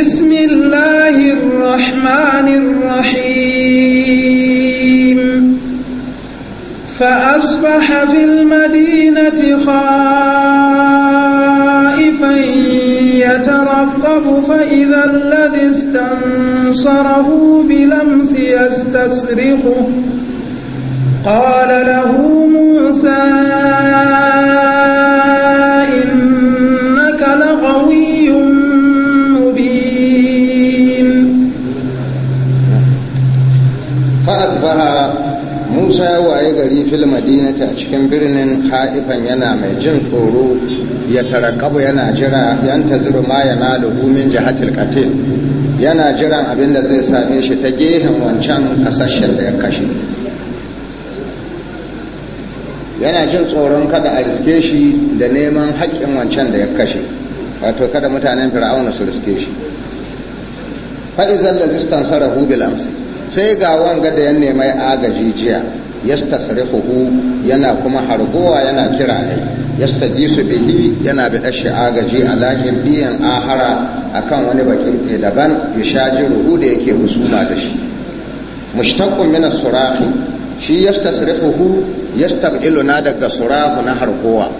بسم الله الرحمن الرحيم فأصبح في المدينة خائفا يترقب فإذا الذي استنصره بلمس يستسرخه قال له موسى musa ya waye gari fil madinati a cikin birnin haifan yana mai jin tsoro ya tarakabu yana jira yan taziru ma ya nalubu min jihatil qatil yana jiran abin da zai same shi ta gehen wancan kasashen da ya kashe yana jin tsoron kada a riske shi da neman haƙƙin wancan da ya kashe wato kada mutanen fir'auna su riske shi fa'izan lazistan sarahu bil amsi sai ga wanga da ya nema agaji jiya yastasrihuhu yana kuma hargowa yana kira ne yastajisu bihi yana bi dashi agaji alakin biyan ahara akan wani bakin ke daban ruhu da yake husuma da shi mushtaqqun min as-surahi shi yastasrihuhu yastab'iluna daga surahu na hargowa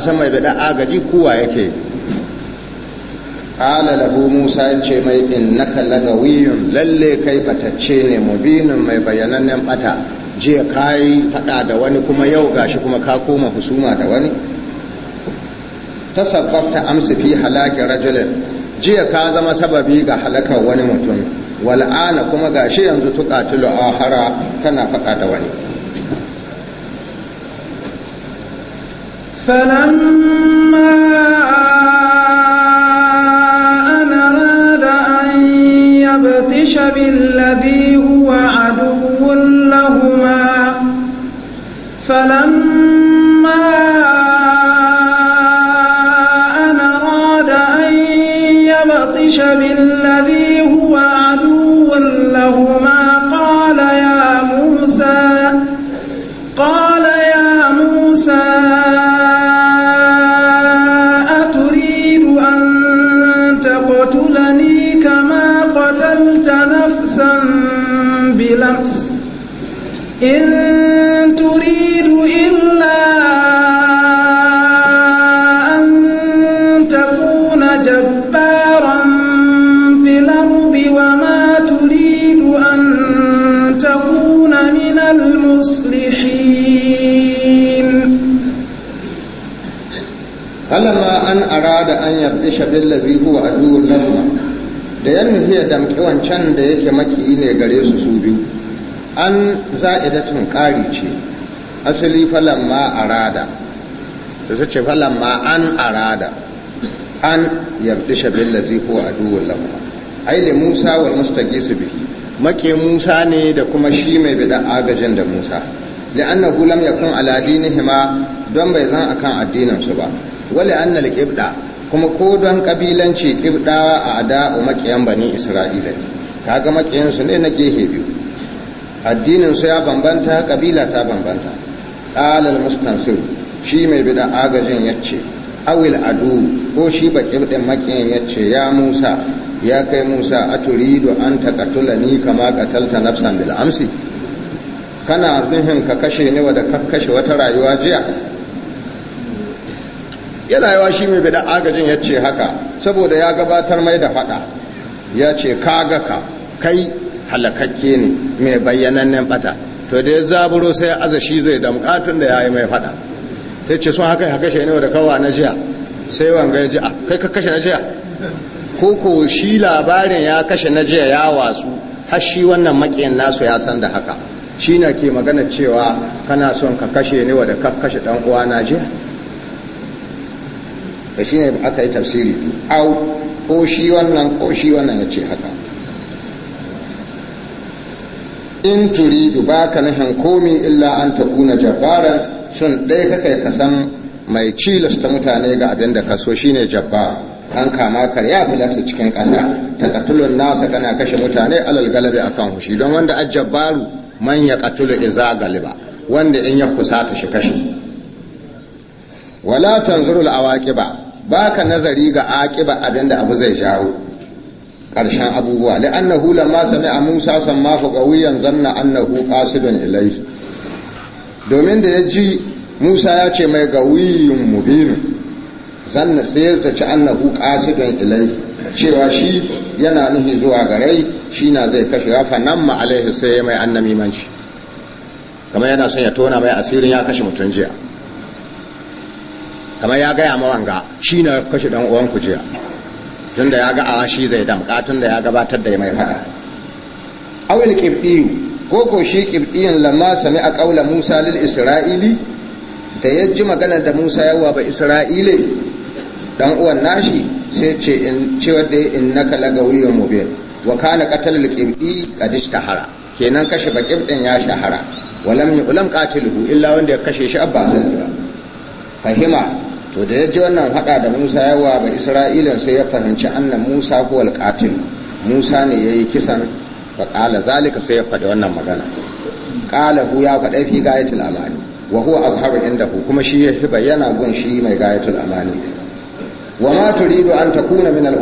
san mai bada agaji kuwa yake ala lahu musa ce mai innaka lagawiyun lalle kai batacce ne mubinun mai bayanannen bata jiya ka yi da wani kuma yau gashi kuma ka koma husuma da wani ta sababta amsa fi halakin rajulin jiya ka zama sababi ga halakar wani mutum wal'ana kuma gashi yanzu tuƙatulu a hara tana faɗa da wani فلما أن أراد أن يبتش بالذي هو فلما أن أراد أن يبطش بالذي arada an yabdisha billazi huwa aduwwun lahuma da ya nufi ya damƙi wancan da yake maki ne gare su su biyu an za'idatun ƙari ce asali falan ma arada da su ce falan ma an arada an yabdisha billazi huwa a duwun ai Aile musa wal Gisu bihi maki musa ne da kuma shi mai bida agajin da musa li'annahu lam yakun ala dinihima don bai zan akan addinansu ba wali annal qibda kuma ko don kabilanci kirdawa a ada'u makiyan bani isra'ila ne kaga makiyansu ne na gehe biyu addinin su ya bambanta kabila ta bambanta alal mustansir shi mai bida agajin yace awil adu ko shi ba kibdin makiyan yace ya musa ya kai musa a turidu an takatula kama katalta nafsan bil amsi kana nuhin ka kashe ni wa da kakkashe wata rayuwa jiya yana yawa shi mai bida agajin ya ce haka saboda ya gabatar mai da faɗa. ya ce kaga ka kai halakakke ne mai bayyanannen bata to da ya zaburo sai aza shi zai damka tun da ya yi mai fada sai ce sun haka haka shi ne da kawa na jiya sai wanga ya ji a ah, kai ka kashe na jiya ko ko shi labarin ya kashe na jiya ya wasu, har shi wannan makiyan nasu ya san da haka shi na ke magana cewa kana son ka kashe ne wa da kashe ɗan uwa na jiya to shine aka yi tafsiri au ko shi wannan ko shi wannan ya ce haka in turidu ba ka nufin komi illa an ta kuna jabbaran sun ɗaya kakai kasan san mai cilasta mutane ga abin da kaso so shine jabba. an kama karya da cikin kasa ta katulun nasa kana kashe mutane alal galabi akan hushi don wanda a jabbaru man ya katulu iza galiba wanda in ya kusa ta shi kashe wala tanzurul awaki ba ba ka nazari ga aƙiba abinda abu zai jawo ƙarshen abubuwa la'annahu lamma sami'a Musa sammahu qawiyan zanna annahu qasidun ilayhi domin da ya ji Musa ya ce mai gawiyin mubin zanna sai ya zaci annahu qasidun ilayhi cewa shi yana nuhi zuwa garai shi na zai kashe ya fanan ma alaihi sai mai annami manci. kamar yana son ya tona mai asirin ya kashe mutum jiya kamar ya gaya mawanga shi na kashe dan uwan ku jiya tunda ya ga awa shi zai damka tunda ya gabatar da mai faɗa awil kibdiyu ko ko shi kibdiyan lamma sami a ƙaula musa lil isra'ili da ya ji magana da musa yawa ba isra'ile dan uwan nashi sai ce in ce wadda in naka lagawiyyun mobil wa kana qatalul qibdi kadish tahara kenan kashe ba kibdin ya shahara walam ulam qatiluhu illa wanda ya kashe shi abba fahima to da ya ji wannan haɗa da musa ya wa ba isra'ila sai ya fahimci annan musa ko alƙatin musa ne ya yi kisan ba ƙala zalika sai ya faɗi wannan magana ƙala hu ya faɗa fi gayatul amani wa huwa inda ku kuma shi ya bayyana gun shi mai gayatul amani wa ma turidu an takuna min al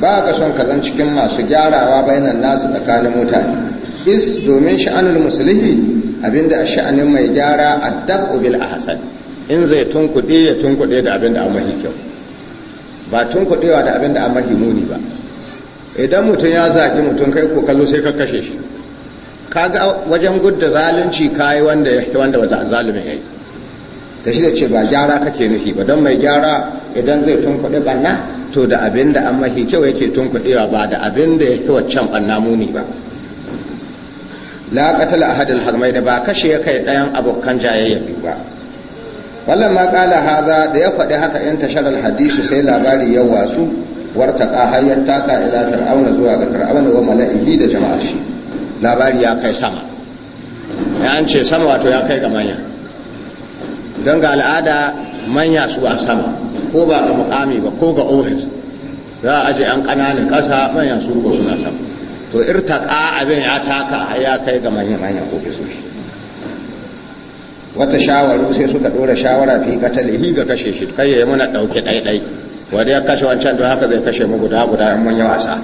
ba ka son ka zan cikin masu gyarawa bainan nasu tsakanin mutane is domin sha'anul muslihi abinda sha'anin mai gyara addabu bil ahsan in zai tunkuɗe ya tunkuɗe da abin da an mahi kyau ba tunkuɗewa da abin da an mahi muni ba idan mutum ya zagi mutum kai ko kallo sai ka kashe shi kaga wajen gudda zalunci ka wanda wanda ba zalumin yi. ta shi da ce ba gyara kake nufi ba don mai gyara idan zai tunkuɗe banna to da abin da an mahi kyau yake tunkuɗewa ba da abin da yake waccan banna muni ba la a ahadul hazmai da ba kashe kai ɗayan abokan jayayya biyu ba fallan ma kala haza da ya faɗi haka yan tashar alhadisu sai labari ya watsu wartaka ka ya taka ila fir'auna zuwa ga fir'auna wa mala'ihi da jama'ar shi labari ya kai sama ya an ce sama wato ya kai ga manya don ga al'ada manya su a sama ko ba ga mukami ba ko ga ofis za a aje yan ƙananan ƙasa manya su ko suna sama to irtaka abin ya taka ya kai ga manya-manyan ofisoshi wata shawaru sai suka dora shawara fi katalihi ga kashe shi kai ya muna dauke ɗaiɗai wanda ya kashe wancan don haka zai kashe mu guda guda in mun yi wasa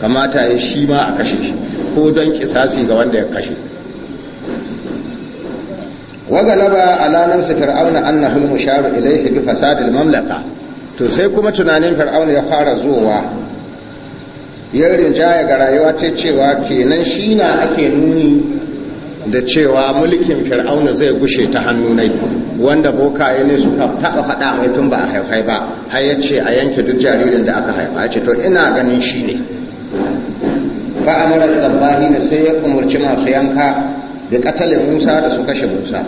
kamata ya shi ma a kashe shi ko don kisasi ga wanda ya kashe Wa wagalaba ala nafsi fir'auna annahu al-musharu ilayhi bi fasadil mamlaka to sai kuma tunanin fir'auna ya fara zuwa ya rinjaya ga rayuwa ta cewa kenan shi na ake nuni da cewa mulkin fir'auna zai gushe ta hannu nai boka ya ne suka taɓa faɗa mai tun ba a haifai ba har ya ce a yanke duk jaririn da aka haifa ya ce to ina ganin shi ne fa zambahi na sai ya umarci masu yanka da katalin musa da su kashe musa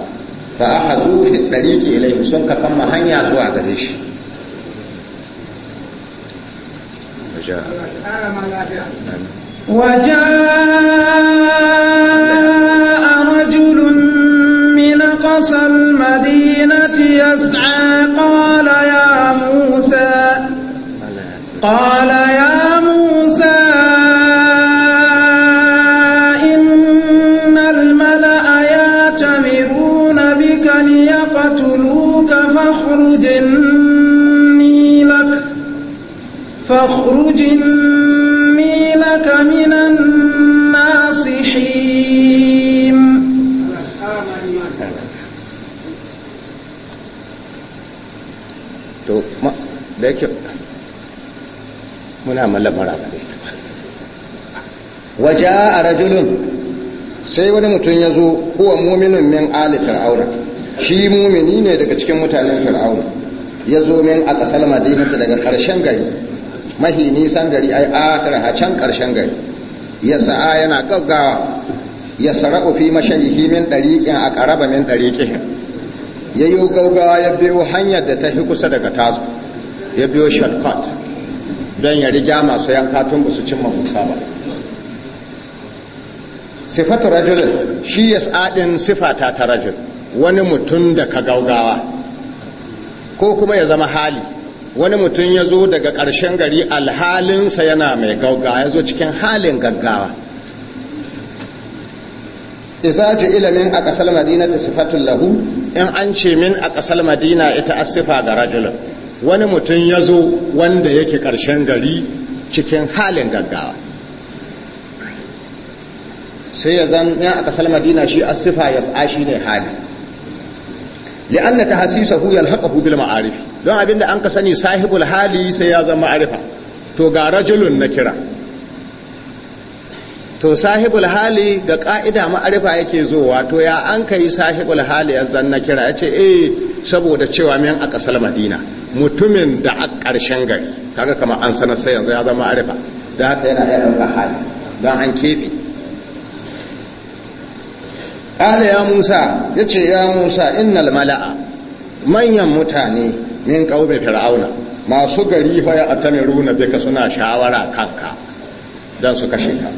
fa aka zufi ɗariƙi ilaihi sun ka kama hanya zuwa gare shi وجاء تسعى قال يا موسى قال يا موسى إن الملأ يعتمرون بك ليقتلوك فاخرج إني لك فاخرج إني لك من da muna mallabara ba ne waje a rajulun sai wani mutum ya zo kuwa muminin min ali fir'auna shi mumini ne daga cikin mutanen fir'auna ya zo min a ƙasar madinata daga ƙarshen gari mahi nisan gari ai akira ha can ƙarshen gari ya sa'a yana gaggawa ya sara'u fi mashayihi min ɗariƙin a ƙaraba min ɗariƙin ya yi gaugawa ya biyo hanyar da ta fi kusa daga tazo ya biyo shortcut don ya riga masu yanka tun ba su cimma musa ba sifatu rajulin shi ya tsadin sifata ta rajul wani mutum da ka gaugawa ko kuma ya zama hali wani mutum ya zo daga ƙarshen gari alhalinsa yana mai gaugawa ya zo cikin halin gaggawa isa ji ilimin a ƙasar madina ta sifatun lahu in an ce min a ƙasar madina ita asifa ga rajulun wani mutum ya zo wanda yake ƙarshen gari cikin halin gaggawa sai ya zan ya a ƙasar madina shi asifa ya tsa shi ne hali li'anna ta hasisa hu hu bil ma'arif don abinda an ka sani sahibul hali sai ya zama ma'arifa to ga rajulun na kira to sahibul hali ga ka'ida ma'arifa yake zo to ya an yi sahibul hali azan na kira ya ce eh saboda cewa min a kasar madina mutumin da a ƙarshen gari kaga kama an sanar sai yanzu ya zama ma'arifa da haka yana iya ɗaukar hali don an keɓe ƙala ya musa ya ce ya musa innal mala'a manyan mutane min ƙaume fir'auna masu gari hoya a tamiruna bika suna shawara kanka don su kashe ka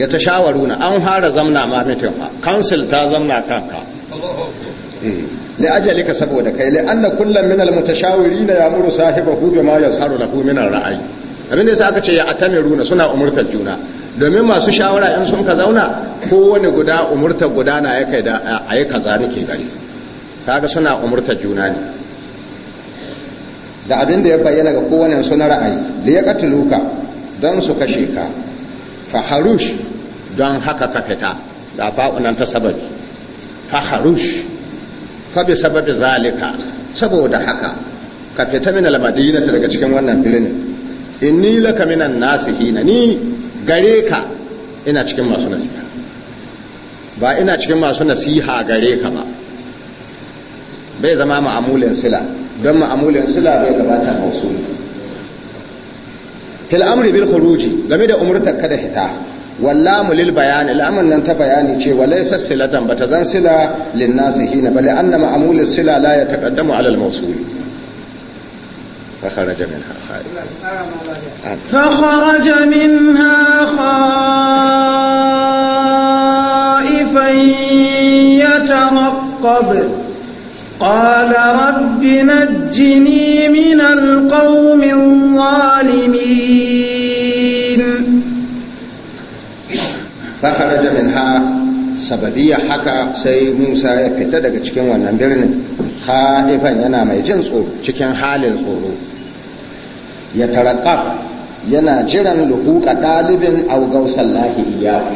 ya ta shawaruna an hara zamna ma mitin fa council ta zamna kanka eh, li ajalika saboda kai li anna kullum min al mutashawirin ya muru sahibahu bima yasharu lahu min al ra'ayi abin da yasa aka ce ya na suna umurtar juna domin masu shawara in sun ka zauna kowane guda umurtar guda na ya kai da ayi kaza nake gari kaga suna umurtar juna ne da abin da ya bayyana ga kowane suna ra'ayi li ya dan su kashe ka faharush don haka ka fita da fa'unan ta sababi faharush fa bi sababi zalika saboda haka ka fita min almadina daga cikin wannan birnin inni laka minan nasihina ni gare ka ina cikin masu nasiha ba ina cikin masu nasiha gare ka ba bai zama ma'amulin sila don ma'amulin sila bai gabata mausuli fil amri bil khuruji game da umurtar kada hita wallamu lil bayani al'amr nan ta bayani ce walaysa silatan bata zan sila lin nasihina bal anna ma'mul sila la yataqaddamu ala al mawsul فخرج منها خارج فخرج منها خائفا يترقب قال رب نجني من القوم الظالمين فخرج منها sababiyya haka sai musa ya fita daga cikin wannan birnin ha'ifan yana mai jin tsoro cikin halin tsoro ya taraka yana jiran luhuka ɗalibin augausar lahi iyawa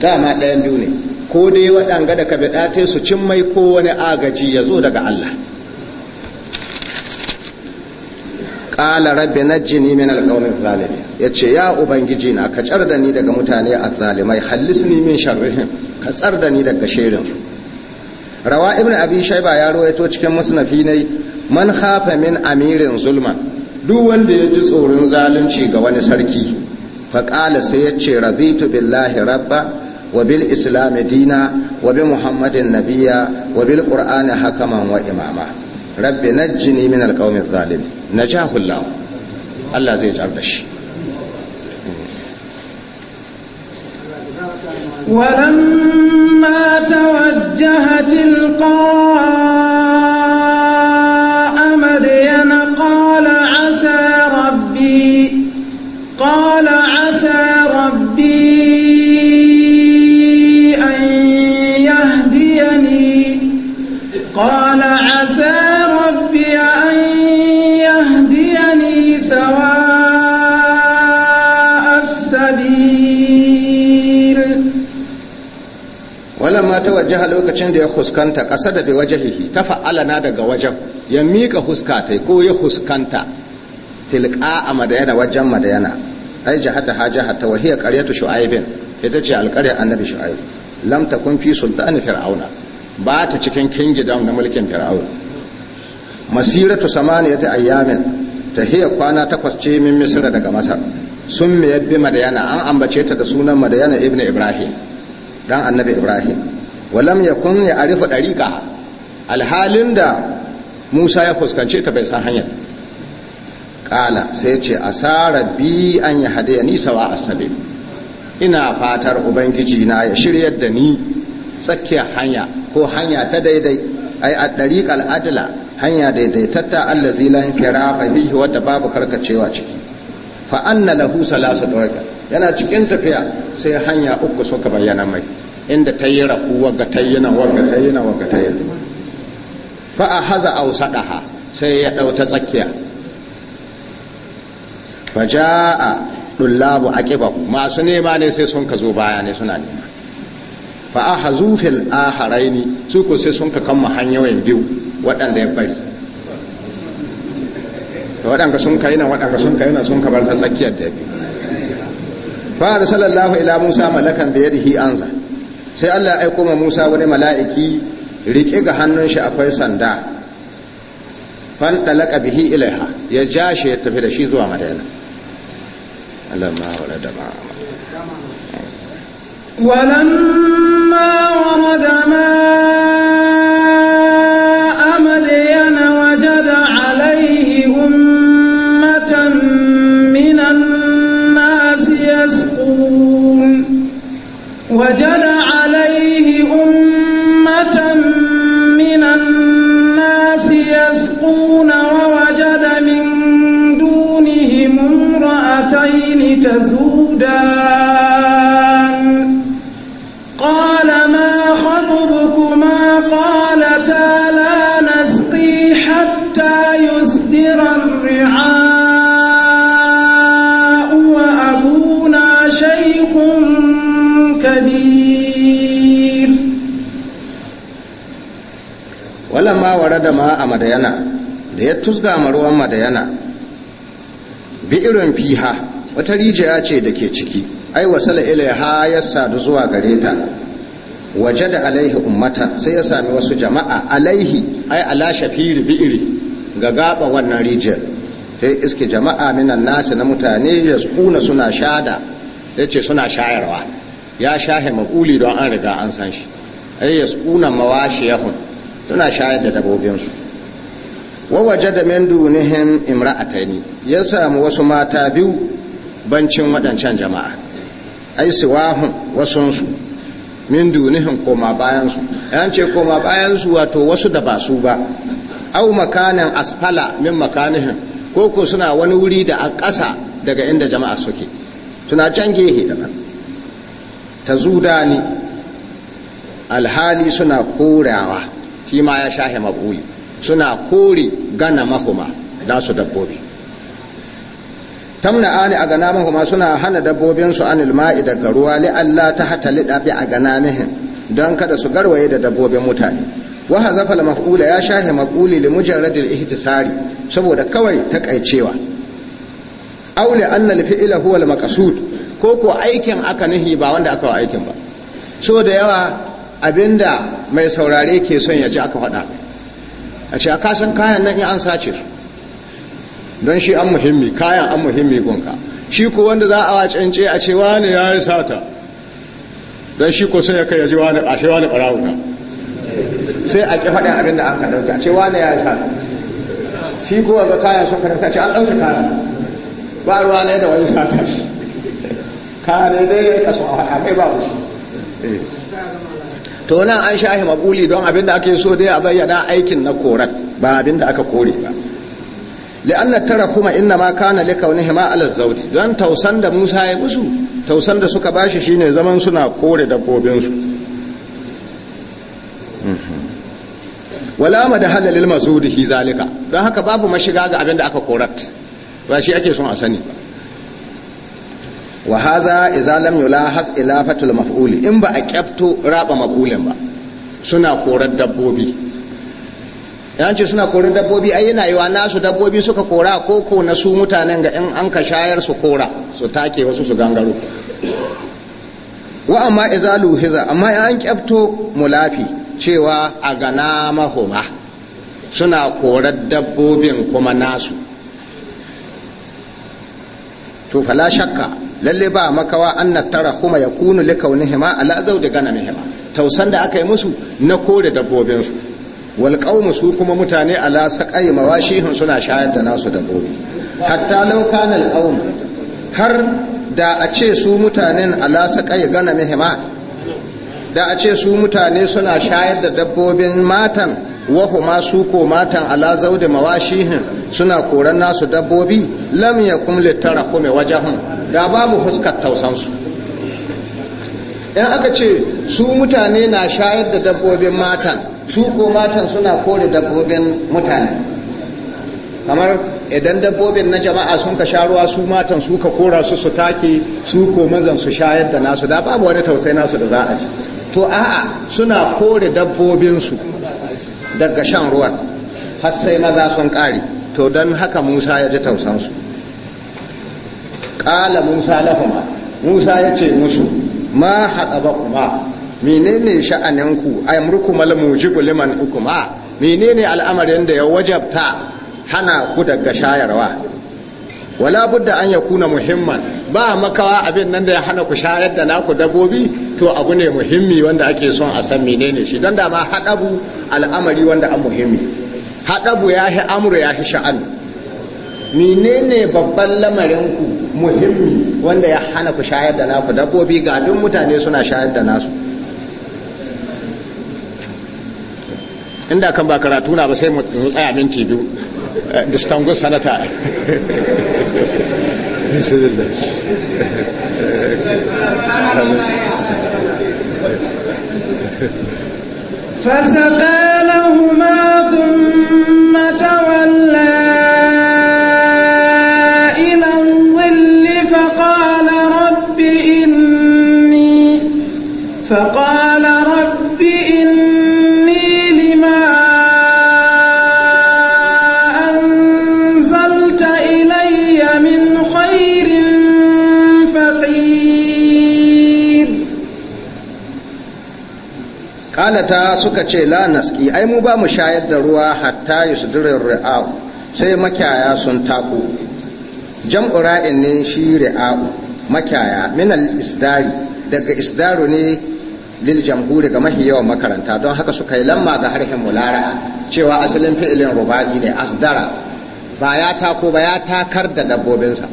dama ɗayan biyu ne ko dai waɗanga da kabe ɗate su cin mai ko wani agaji ya zo daga Allah ƙala rabbi jini min alƙaunin zalimi ya ce ya ubangiji na ka tsar da ni daga mutane a zalimai hallis ni min sharrihim ka tsar da ni daga shirinsu rawa ibn abi shaiba ya rawaito cikin musnafi ne man hafa min amirin zulman duk wanda ya ji tsoron zalunci ga wani sarki faƙala sai ya ce tu billahi rabba وبالإسلام دينا وبمحمد نبيا وبالقرآن حكما وإماما رب نجني من القوم الظالم نجاه الله الله زي جردش ولما توجه تلقاه lokacin da ya huskanta ƙasa da bai wajahihi ta fa'alana daga wajen ya miƙa huska ta ko ya huskanta tilƙa a madayana wajen madayana ai jahata ha jahata wa hiya qaryatu shu'aibin ita ce alƙaryar annabi shu'aib lam takun fi sultani fir'auna ba ta cikin kingdom na mulkin fir'auna masiratu samaniyati ayyamin ta hiya kwana takwas ce min misra daga masar sun me yabbi madayana an ambace ta da sunan madayana ibnu ibrahim dan annabi ibrahim walam ya kun ya arifa ɗariƙa alhalin da Musa ya fuskance ta bai san hanyar Ƙala sai ce asara bi an ya nisa ni sawa ina fatar ubangiji na ya shirya da ni tsakiyar hanya ko hanya ta daidai ai a dariqal al'adila hanya daidai Zilan allah la infirafa bihi wadda babu karkacewa ciki fa'an na lahusa lasu yana cikin tafiya sai hanya uku suka bayyana mai inda ta yi rahu wagga ta yi nan wagga ta yi wagga ta yi fa a haza ɗaha sai ya ɗau ta tsakiya fa ja'a dullabu aqibahu masu nema ne sai sun ka zo baya ne suna nema fa a hazu fil akharaini su ko sai sun ka kama hanyoyin biyu waɗanda ya bari waɗanda sun kai na waɗanda sun kai na sun ka bar ta tsakiyar da biyu fa arsalallahu ila musa malakan bi yadihi anza sai Allah ya aiko Musa wani mala'iki riƙe ga hannun shi akwai sanda fan dalaka bihi ilaiha ya ja shi ya tafi da shi zuwa Madina Allah ma wala ma ولما ورد ماء تزودان قال ما خطبكما قالتا لا نسقي حتى يسدر الرعاء وأبونا شيخ كبير ولما ورد ماء مدينة da ya tusga ruwan madayana bi irin fiha wata rijiya ce da ke ciki ai wasala ha ya sadu zuwa gare ta waje da alaihi ummata sai ya sami wasu jama'a alaihi ai ala shafiri bi'iri ga gaba wannan rijiyar sai iske jama'a minan nasu na mutane ya kuna suna shada ya ce suna shayarwa ya shahe maƙuli don an riga an san shi ai ya kuna mawashi hun suna shayar da dabobinsu wawaje da mendu nihin imra'atani ya sami wasu mata biyu bancin waɗancan jama'a ai siwahun wasansu min dunihin koma bayansu yan ce koma bayansu wato wasu da ba su ba au makanan asfala min makanihin ko ko suna wani wuri da a ƙasa daga inda jama'a suke suna can gehe daban ta ni alhali suna korawa shi ma ya shahe maƙuli suna kore gana mahuma nasu dabbobi tamna ani a masu suna hana dabbobinsu an ilma'i daga ruwa li'alla ta hata bi a gana mihin don kada su garwaye da dabbobin mutane wa hazafal maf'ula ya shahe maf'uli li mujarradil ihtisari saboda kawai takaicewa kaicewa. li anna al fi'la huwa al maqsud ko ko aikin aka nuhi ba wanda aka wa aikin ba so da yawa abinda mai saurare ke son ya ji aka haɗa a ce a kasan kayan nan in an sace su don shi an muhimmi kayan an muhimmi gunka shi ko wanda za a cance a ce wani ya yi sata don shi ko sun ya kai ya ji wani a ce wani barawuna sai a ƙi faɗin abin da an ka ɗauke a ce wani ya yi sata shi ko wanda kayan sun karanta ce an ɗauke kayan ba ruwa ne da wani sata kayan ne dai ya kasu a haɗa mai ba shi eh. to nan an shahi maƙuli don abin da ake so dai a bayyana aikin na korat ba abin da aka kore ba li'anna tarakuma inna ma kana likawnihima ala zawdi don tausan da Musa ya musu tausan da suka bashi shine zaman suna kore dabbobin su wala madahala lil masudihi zalika don haka babu mashiga ga abin da aka korat ba shi ake son a sani wahaza wa haza idza lam yulahas ilafatul maf'uli in ba a kyafto raba maf'ulin ba suna korar dabbobi yan ce suna korin dabbobi ai yana yiwa nasu dabbobi suka kora ko na su mutanen ga in an ka shayar su kora su take wasu su gangaro wa amma izalu hiza amma an kyafto mulafi cewa a gana mahoma suna korar dabbobin kuma nasu to fala shakka lalle ba makawa an tara kuma ya kunu likaunihima ala zau gana ganamihima tausan da aka yi musu na kore dabbobinsu wal su kuma mutane ala saqai mawashihun suna shayar da nasu dabbobi hatta law kana al har da a ce su mutanen ala saqai gana mihima da a ce su mutane suna shayar da dabbobin matan wahu ma su ko matan ala zaudi mawashihin suna koran nasu dabbobi lam yakum litarakum wajahun da babu fuskar tausansu in aka ce su mutane na shayar da dabbobin matan su ko matan suna kore dabbobin mutane kamar idan dabbobin na jama'a sun ka sha ruwa su matan su ka kora su su take su ko mazan su shayar da nasu da babu wani tausayi nasu da za a ji to a'a suna kore dabbobinsu daga shan ruwan har sai maza sun kare. to don haka musa ya ji tausansu ƙala musa lahuma musa ya ce musu ma haɗa ba kuma menene sha'aninku amurkum malamu jibu liman hukuma menene al'amarin da ya wajabta hana ku daga shayarwa wala budda an ya kuna muhimman ba makawa abin nan da ya hana ku shayar da naku dabobi to abu ne muhimmi wanda ake son a san menene shi don da ma haɗabu al'amari wanda an muhimmi haɗabu ya hi amuru ya hi sha'an. menene babban lamarinku muhimmi wanda ya hana ku shayar da naku dabobi ga duk mutane suna shayar da nasu inda kan ba karatu na ba sai mu tsaya minti biyu distinguished sanata فسقى لهما ثم تولى qalata suka ce la naski ai mu ba mu shayar da ruwa hatta yusdirir ri'a'u sai makiyaya sun taku jam'u ra'in ne shi ri'a'u makiyaya min al isdari daga isdaru ne lil jamhuri ga mahi yawan makaranta don haka suka yi lamma ga harhin mulara cewa asalin fi'ilin ruba'i ne asdara ba ya tako ba ya takar da dabbobinsa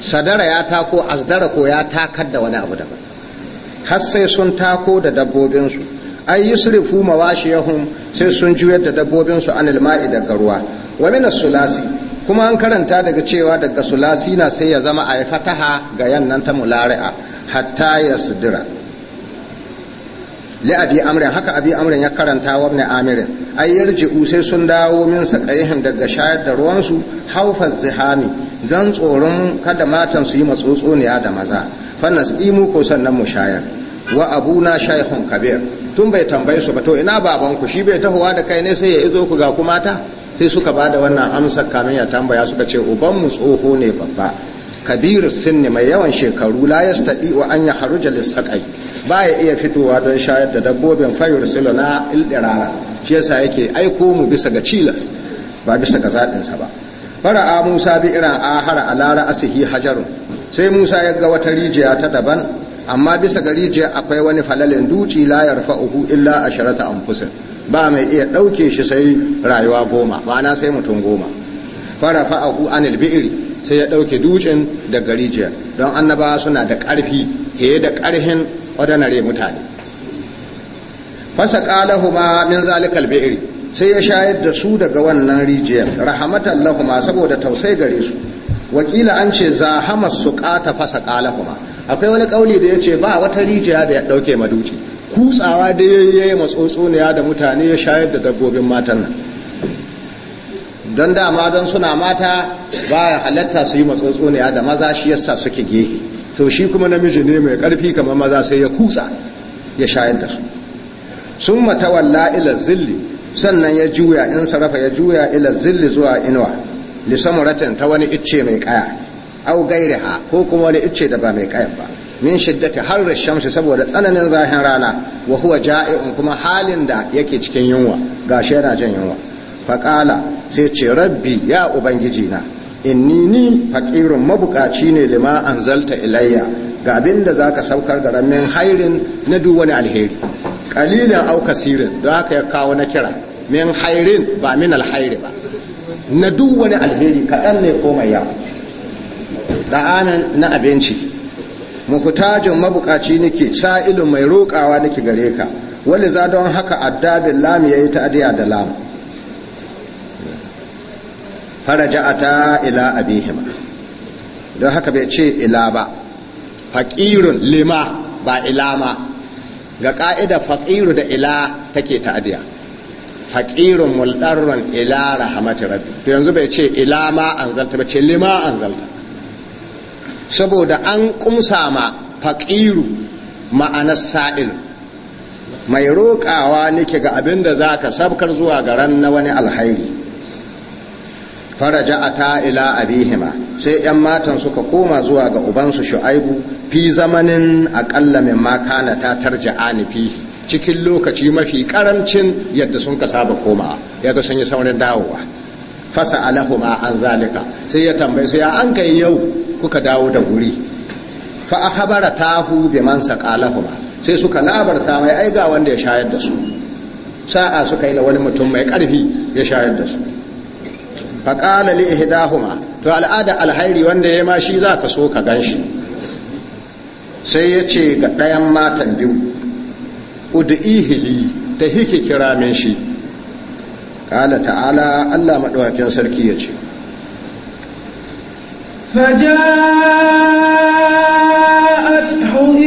sadara ya tako asdara ko ya takar da wani abu daban har sai sun tako da dabbobinsu ai yusrifu mawashiyahum sai sun juyar da dabbobinsu anil ma'i daga ruwa wa min sulasi kuma an karanta daga cewa daga sulasi na sai ya zama ai fataha ga yannan ta mulari'a hatta yasdira li abi amrin haka abi amrin ya karanta wa ibn amirin ay yarji'u sai sun dawo min saqayhim daga shayar da ruwansu haufa zihami don tsoron kada matan su yi matsotsoniya da maza fannas imu ko sannan mu shayar wa abuna shaykhun kabir tun bai tambaye su ba to ina babanku shi bai tahowa da kai ne sai ya izo ku ga ku mata sai suka ba da wannan amsa kamin ya tambaya suka ce uban mu tsoho ne babba kabir sinni mai yawan shekaru la yastadi wa an yakhruja lisaqai ya iya fitowa don shayar da dabbobin fayur siluna ildirara shi yasa yake aiko mu bisa ga cilas ba bisa ga zadin sa ba fara'a musa bi iran ahara lara asihi hajarun sai musa ya ga wata rijiya ta daban amma bisa ga rijiya akwai wani falalin duci la uku illa ta anfusin ba mai iya ɗauke shi sai rayuwa goma ma'ana sai mutum goma fara fa'ahu anil bi'iri sai ya ɗauke ducin daga rijiya don annaba suna da ƙarfi heye da ƙarhin wadanare mutane fasa ƙalahuma min zalikal bi'iri sai ya shayar da su daga wannan rijiyar rahamatan lahuma saboda tausai gare su wakila an ce za su suqata fasa qalahuma akwai wani kauli da yace ba wata rijiya da ya dauke maduci kutsawa da yayye matsotsoniya da mutane ya shayar da dabbobin matan nan don dama don suna mata baya halatta su yi matsotsoniya da maza shi yasa suke gehe to shi kuma namiji ne mai karfi kamar maza sai ya kutsa ya shayar da su sun matawalla ila zilli sannan ya juya in sarrafa ya juya ila zilli zuwa inuwa lisamuratin ta wani icce mai kaya au ha ko kuma wani icce da ba mai kaya ba min shiddati harrar shamsi saboda tsananin zahen rana wa huwa ja'i'un kuma halin da yake cikin yunwa gashi yana jin yunwa faƙala sai ce rabbi ya ubangiji na inni ni faqirun mabukaci ne lima anzalta ilayya ga abinda za zaka saukar da ramin hairin na duk wani alheri qalilan au kasirin don haka ya kawo na kira min hairin ba min alhairi ba na duk wani alheri kaɗan ne ko mai yawa ɗa'anan na abinci mukutajin mabukaci nake sa'ilin mai roƙawa nake gare ka wani za don haka addabin lam ya yi ta'adiyya da lam ta ila abihima don haka bai ce ila ba faƙirun lima ba ila ilama ga ƙa'ida faƙiru da ila take ta'adiya Faƙirin muldarrun ila rahmati rabbi to yanzu bai ce ila ma an zalta ba ce lima zalta saboda an kumsa ma faƙiru ma'anar sa'il mai roƙawa nake ga abin da za ka sabkar zuwa ga ran na wani alhairi faraja ta ila abihima sai 'yan matan suka koma zuwa ga ubansu shu'aibu fi zamanin aƙalla min ma kana ta tarja'ani fihi cikin lokaci mafi karamcin yadda sun ka saba koma ya ga sun yi saurin dawowa fasa alahuma an zalika sai ya tambayi su ya an kai yau kuka dawo da wuri fa a habara tahu bi man alahuma sai suka labarta mai ai ga wanda ya shayar da su sa'a suka yi wani mutum mai karfi ya shayar da su fa qala li ihdahuma to al'ada alhairi wanda ya ma shi zaka so ka ganshi sai ya ce ga ɗayan matan biyu ud'ihili ta hike kira min shi qala ta'ala Allah madawakin sarki yace فجاءته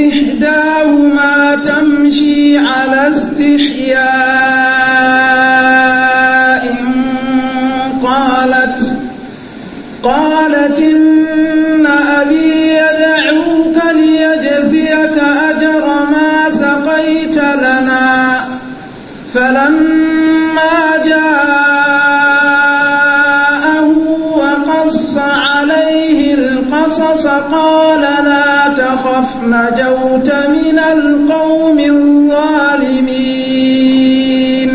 إحداهما تمشي على استحياء قالت قالت تخف نجوت من القوم الظالمين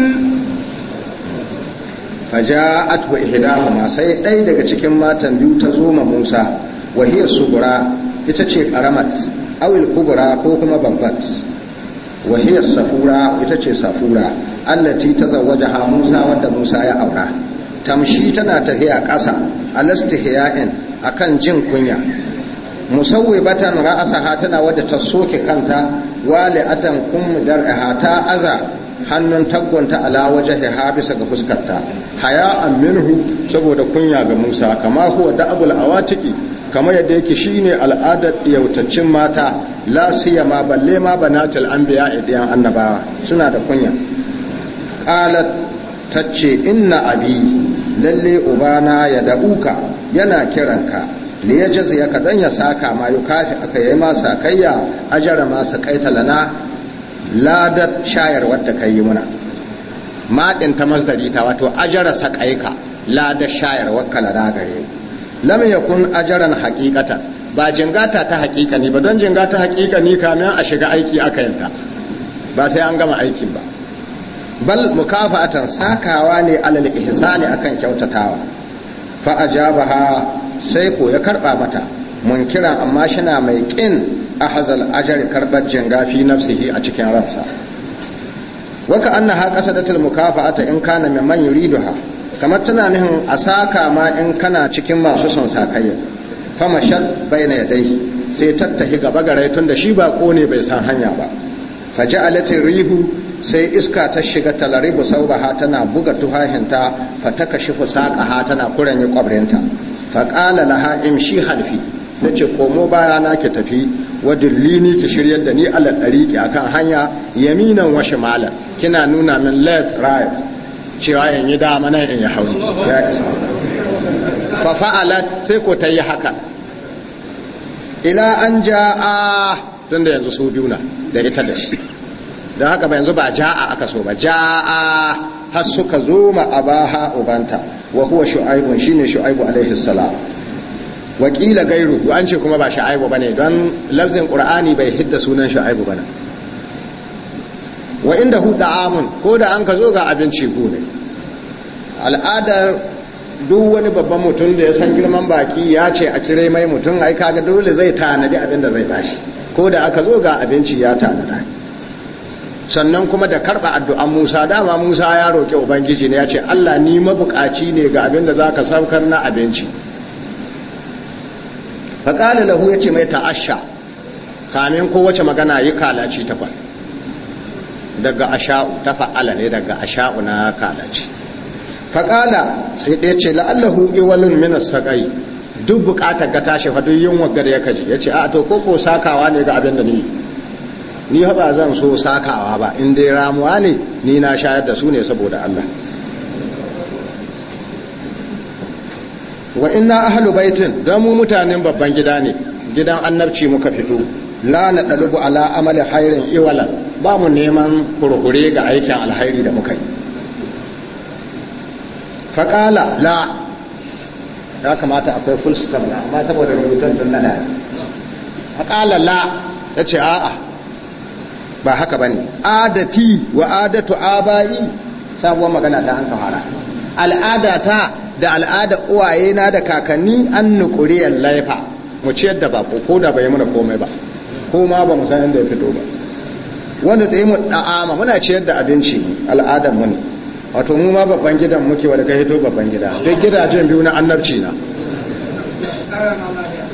فجاءته إحداهما sai ɗaya daga cikin matan biyu ta zo ma Musa wahiyar sugura ita ce karamat awil kubura ko kuma babbat wahiyar safura ita ce safura allati tazawwajaha Musa wadda Musa ya aura tamshi tana tafiya ƙasa alastihiya'in akan jin kunya batan ra'asaha tana wadda ta soke kanta wale wali'atan kum dar ta aza hannun taggonta ala wajhiha bisa ga fuskarta haya minhu saboda kunya ga Musa kama huwa da'abul awatiki kama yadda yake shine al'adar yautaccin mata la siyama balle ma banatul anbiya idan annabawa suna da kunya qalat tace inna abi lalle ubana ya da'uka yana kiranka ne ya kadan ya saka ma kafi aka yi ma a ajara ma kai lana ladar shayar wadda ka yi muna maɗin ta masdari ta wato ajara sakaika ladar shayar wakka lana gare lam yakun ajaran hakikata. ba jingata ta hakika ne ba don jingata hakika ne kamin a shiga aiki aka yanta ba sai an gama aikin ba bal mukafatan sakawa ne alal ihsani akan kyautatawa fa ajabaha sai ko ya karba mata munkiran amma shina mai kin ahzal ajr karbar jingafi nafsihi a cikin ransa waka annaha qasadatul mukafa'ata in kana mimman yuriduha kamar tana nihin a saka ma in kana cikin masu son sakayya fama shat bayna yadayhi sai tattahi gaba garai tun da shi ba kone bai san hanya ba alatin rihu sai iska ta shiga talaribu ha tana buga tuhahinta fa ta kashi ha tana kuranye kwabrinta faƙala lahaim shi halfi ta ce komo baya na ki tafi wadillini ki shirya da ni ala a akan hanya yaminan wa malam. kina nuna min left right cewa in yi dama na in yi hau ya isa fa sai ko ta yi haka ila an ja'a don da yanzu su biyu na da ita da shi don haka ba yanzu ba ja'a aka so ba ja'a har suka zo ma abaha ubanta wa huwa shine shu'aibu alaihi salam wakila gairu an ce kuma ba shu'aibu bane don lafzin qur'ani bai hidda sunan shu'aibu bane wa inda hu da'amun ko da an ka zo ga abinci ne al'adar duk wani babban mutum da ya san girman baki ya ce a kire mai mutum ai ga dole zai tanadi abin da zai bashi ko da aka zo ga abinci ya tanada sannan kuma da karba addu'an Musa dama Musa ya roƙi ubangiji ne ya ce Allah ni mabukaci ne ga abin da zaka saukar na abinci faƙali lahu yace mai ta'asha kamin wace magana yi kalaci ta fa daga asha'u ta fa'ala ne daga asha'u na kalaci faƙala sai la ce la'allahu iwalun minas saƙai duk buƙatar ga tashi fa duk yunwa gada ya kaji yace a to ko ko sakawa ne ga abin da ni ni ba zan so sakawa ba in dai ramuwa ne ni na shayar da su ne saboda Allah wa inna ahlu baitin don mu mutanen babban gida ne gidan annabci muka fito la na ɗalubu ala amali hairin iwala ba mu neman kurkure ga aikin alhairi da muka yi faƙala la ya kamata akwai full stop amma saboda rubutun tun na faƙala la ya ce a'a ba haka ba ne adati wa adatu abai sabuwar magana ta hanka fara al'ada ta da al'ada uwaye na da kakanni an nukuriyar laifa mu ciyar da bako ko da bai mana komai ba ko ma ba mu san inda ya fito ba wanda ta yi mu da'ama muna ciyar da abinci al'adar mu ne wato mu ma babban gidan muke wanda ka hito babban gida duk gidajen biyu na annabci na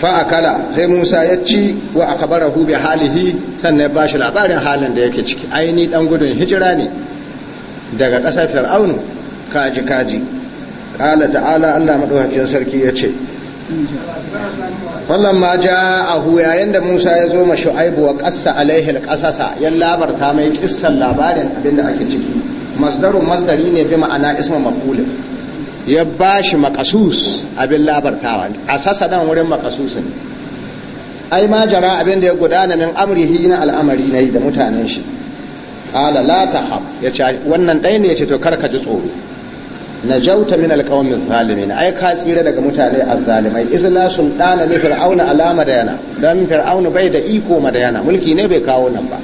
fa akala sai Musa ya ci wa kabara hube halihi sannan ba shi labarin halin da yake ciki aini dan gudun hijira ne daga ƙasar Fir'aunu kaji kaji qala ta'ala Allah madaukakin sarki ya ce wannan ma ja a yayin da musa ya zo ma shu'aibu wa ƙasa alaihil ƙasasa ya labarta mai ƙisan labarin abin ake ciki masdarun masdari ne bi ma'ana isma maqulin ya ba shi makasus abin labartawa a sasa nan wurin makasus ne ai ma jara abin da ya gudana min amrihi na al'amari na yi da mutanen shi ala la tahab ya ce wannan ɗaya ne ya ce to kar ka ji tsoro na jauta min alƙawamin zalimin ai ka tsira daga mutane a azzalimai isla ɗana li fir'auna alama da yana don fir'auna bai da iko ma da yana mulki ne bai kawo nan ba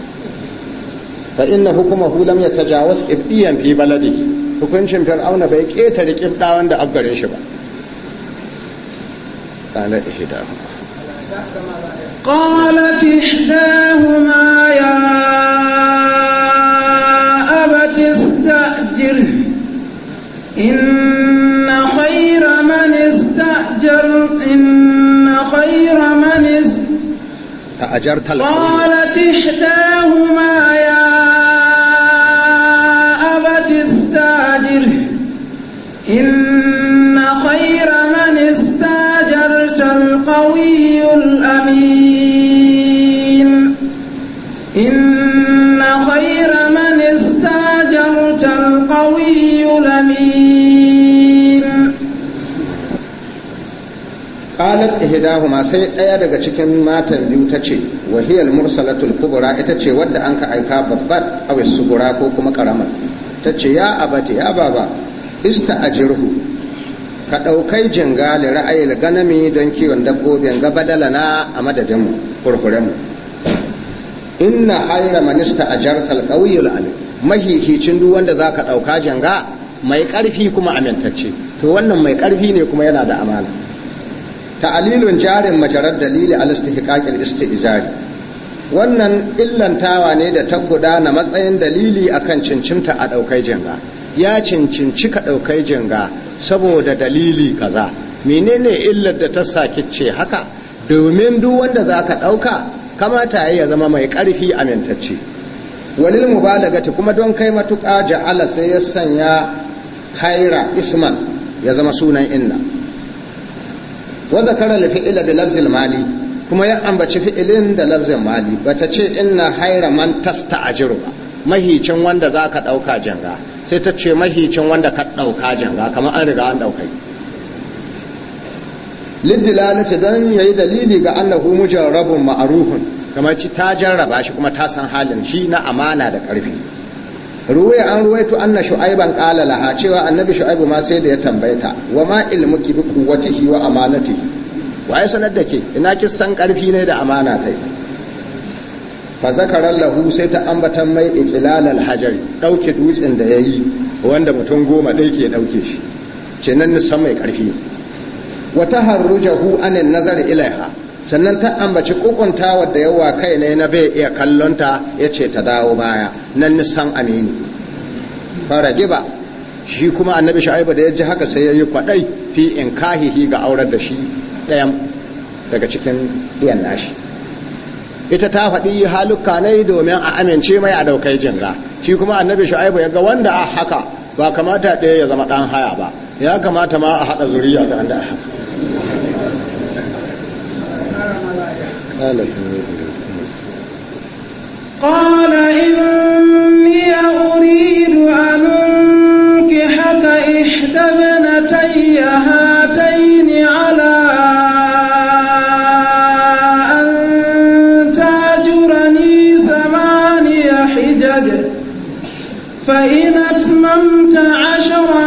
fa inna hukumahu lam yatajawaz ibdiyan fi baladihi hukuncin fir'auna bai keta ƙetare ƙibɗa wanda an gare shi ba قالت إحداهما قالت إحداهما يا أبت استأجر إن خير من استأجر إن خير من استأجرت قالت إحداهما يا استاجره إن خير من استاجرت القوي الأمين إن خير من استاجرت القوي sai ɗaya daga cikin matan biyu ta ce wahiyal mursalatul kubra ita ce wadda an ka aika babbar awis sugura ko kuma karamar ta ce ya abata ya baba ista ajirhu ka ɗaukai jingali ra'ayil ganami don kiwon dabbobin ga badala na a madadinmu mu inna hayra manista ajartal qawiyul amin mahihicin duk wanda zaka ɗauka janga mai ƙarfi kuma amintacce to wannan mai ƙarfi ne kuma yana da amana ta'alilun jarin majarar dalili al istihqaqil istijari wannan illantawa ne da ta gudana matsayin dalili akan cincinta a ɗaukai jinga ya cincinci ka ɗaukai jinga saboda dalili kaza menene illar da ta saki ce haka domin duk wanda za ka ɗauka kamata ya zama mai ƙarfi amintacce walil mubalagati kuma don kai matuƙa ja'ala sai ya sanya haira isman ya zama sunan inna wa zakara lafi'ila bi lafzil mali kuma ya ambaci fi'ilin da lafzin mali bata ce inna haira man tasta ajiru ba mahicin wanda za ka ɗauka janga sai ta ce mahicin wanda ka ɗauka janga kamar an riga an ɗaukai liddilalata don ya yi dalili ga annahu rabin ma'aruhun kamar ci ta jarraba shi kuma ta san halin shi na amana da ƙarfi ruwaya an ruwaito anna shu'aiban qala laha cewa annabi shu'aibu ma sai da ya tambayta wa ma ilmuki bi quwwatihi wa amanatihi waye sanar da ke ina san karfi ne da amana ta yi fa zakarar lahu sai ta ambatan mai ikilalal hajari dauke dutsen da yayi wanda mutum goma ɗaya ke ɗauke shi kenan nan nisan mai karfi wata harrujahu anin nazar ilaiha sannan ta ambaci kukuntawa da yawa kai ne na bai iya kallonta yace ta dawo baya nan nisan amini farage ba shi kuma annabi sha'iba da ya ji haka sai yayi yi fi in kahihi ga aurar da shi ɗayan daga cikin ɗiyan nashi ita ta faɗi halukka ne domin a amince mai a daukai jinga shi kuma annabi shu'aibu ya ga wanda a haka ba kamata ɗaya ya zama ɗan haya ba ya kamata ma a haɗa zuriya da a haka قال إني أريد أن أنكحك إحدى ابنتي هاتين على فإن أتممت عشرا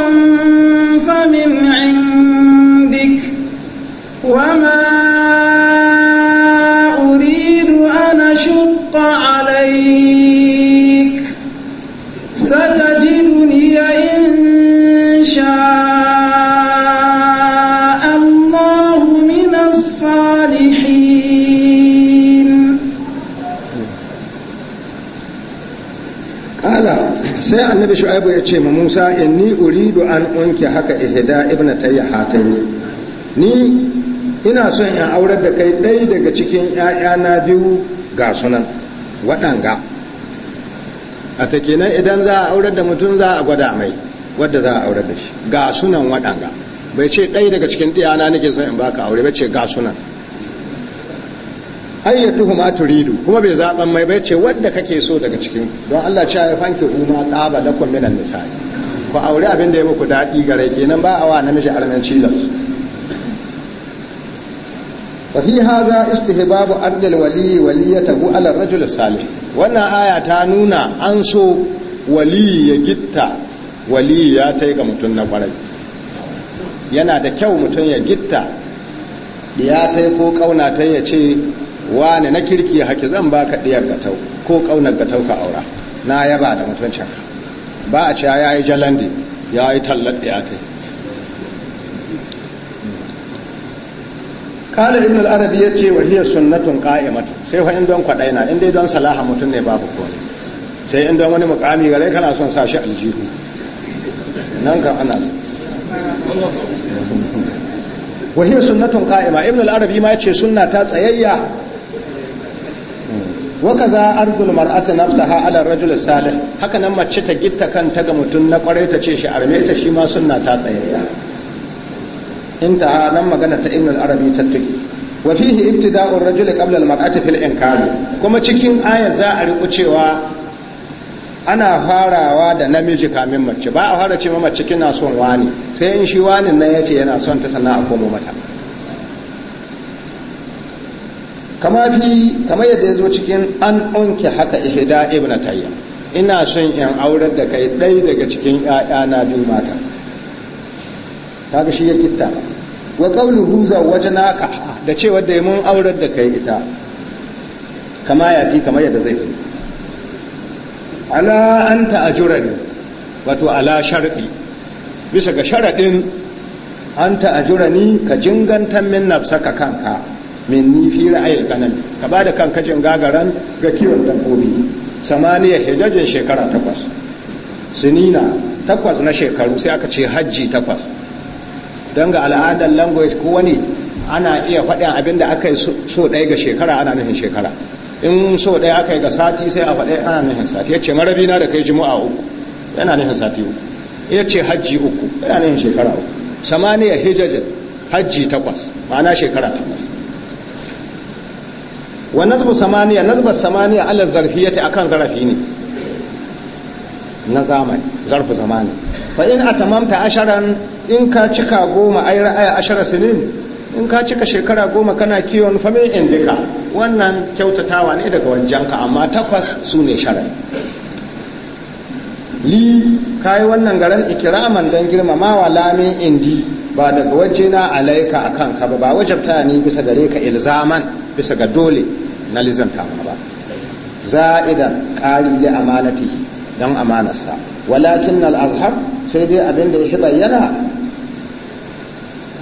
annabi shu'aibu ya ce ma musa in uri uridu an unki haka ihda ibn tayya yi ni ina son in aurar da kai ɗaya daga cikin na biyu ga sunan waɗanga a ta kenan idan za a aurar da mutum za a gwada mai wadda za a aurar da shi ga sunan waɗanga bai ce ɗaya daga cikin ɗiyana nake son in baka aure bai ce ga sunan ayyatuhum aturidu kuma bai zaban mai bai ce wanda kake so daga cikin don Allah ce ya fanke huma qaba lakum minan nisa ku aure abin da ya muku dadi gare kenan ba awa namiji arnan cilas fa fi hadha istihbabu arjal wali waliyatahu ala rajul salih wannan aya ta nuna an so wali ya gitta wali ya tai ga mutun na kwarai yana da kyau mutun ya gitta ya tai ko kauna tai ya ce wane na kirki haki zan ba ka ɗiyar gatau ko ƙaunar gatau ka aura na yaba da mutuncin ka ba a cewa ya yi jalandi ya yi tallar ɗiya ta yi kala ibn al-arabi ya ce wa hiya sunnatun qa'imatu sai fa in don kwadaina in dai don salaha mutum ne babu ko sai in wani mukami gare kana son sa shi aljihu nan kan ana wa hiya sunnatun qa'ima ibn al-arabi ma ya ce sunna ta tsayayya wakaza argul mar'ata nafsaha ala rajul salih haka nan mace ta gitta kanta ga mutum na kwarai ta ce shi arme ta shi ma sunna ta tsayayya intaha nan magana ta ibn al-arabi ta tuki wa fihi ibtida'u ar-rajul qabla al-mar'ati fil inkari kuma cikin ayar za a riku cewa ana farawa da namiji kamin mace ba a fara ce mace kina son wani sai in shi wani na yace yana son ta sana'a komo mata kama fi kama yadda ya zo cikin an unki haka ihda ibn tayya ina son yan aurar da kai ɗaya daga cikin na biyu mata kaga shi ya kitta wa qawluhu zawwajnaka da cewa da mun aurar da kai ita kama ya ti kama yadda zai ala anta ajurani wato ala sharfi bisa ga sharaɗin anta ajurani ka jingantan min nafsaka kanka min ni fi ra'ayil ganami ka ba da kan kajin gagaran ga kiwon dabbobi samaniya hijajin shekara takwas sinina takwas na shekaru sai aka ce hajji takwas don ga al'adar language ko wani ana iya faɗin abin da aka yi so ɗaya ga shekara ana nufin shekara in so ɗaya aka yi ga sati sai a faɗi ana nufin sati ya ce marabina da kai jimu'a uku yana nufin sati uku ya ce hajji uku yana nufin shekara uku samaniya hijajin hajji takwas ma'ana shekara takwas wa nazbu samaniya nazbu samaniya ala zarfiyati akan zarafi ne na zamani zarfu zamani fa in atamamta asharan in ka cika goma ai ra'aya ashara sinin in ka cika shekara goma kana kiwon famin indika wannan kyautatawa ne daga wajenka amma takwas su ne li kayi wannan garan ikiraman don girmamawa lamin indi ba daga wajena alaika akan ka ba ba wajabta ni bisa gare ka ilzaman bisa ga dole na ma ba za'idan ƙari li amanati don amanarsa walakin al'azhar sai dai abin da ya shi bayyana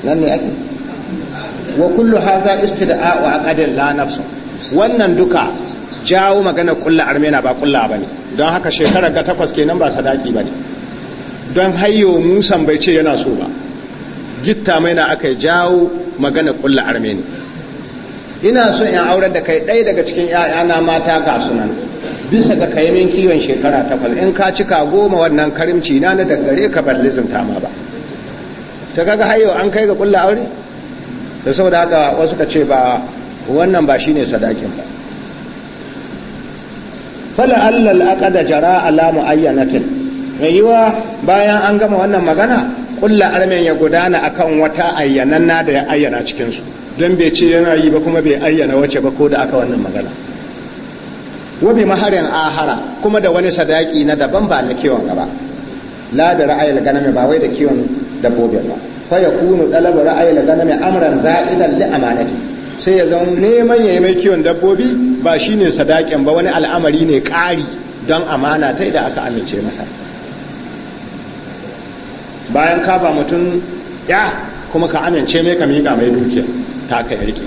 nan ne ake wa kullu haza istida'a wa aqadin la nafsu wannan duka jawo magana ƙulla armena ba kulla bane don haka shekarar ga takwas kenan ba sadaki bane don hayyo musan bai ce yana so ba gitta mai na aka jawo magana ƙulla armeni ina son in aurar da kai ɗaya daga cikin ‘ya'yana mata ga sunan bisa ga kayamin kiwon shekara takwas in ka cika goma wannan karimci na na dangare ka bar lizinta ma ba ta kaga hayo an kai ga kulla aure da saboda haka wasu ka ce ba wannan ba shine sadakin ba fala allal aqada jara ala muayyanatin rayuwa bayan an gama wannan magana kulla armen ya gudana akan wata ayyananna da ya ayyana cikinsu. don bai ce yana yi ba kuma bai ayyana wace ba ko da aka wannan magana wa bi maharin ahara kuma da wani sadaki na daban ba na kiwon gaba la da ra'ayil ganami ba wai da kiwon dabbobin ba fa yakunu ra'ayil ganami amran za'idan li amanati sai ya zama neman yayi mai kiwon dabbobi ba shine sadakin ba wani al'amari ne ƙari don amana ta da aka amince masa bayan ka ba mutum ya kuma ka amince mai ka miƙa mai dukiya aka yi rike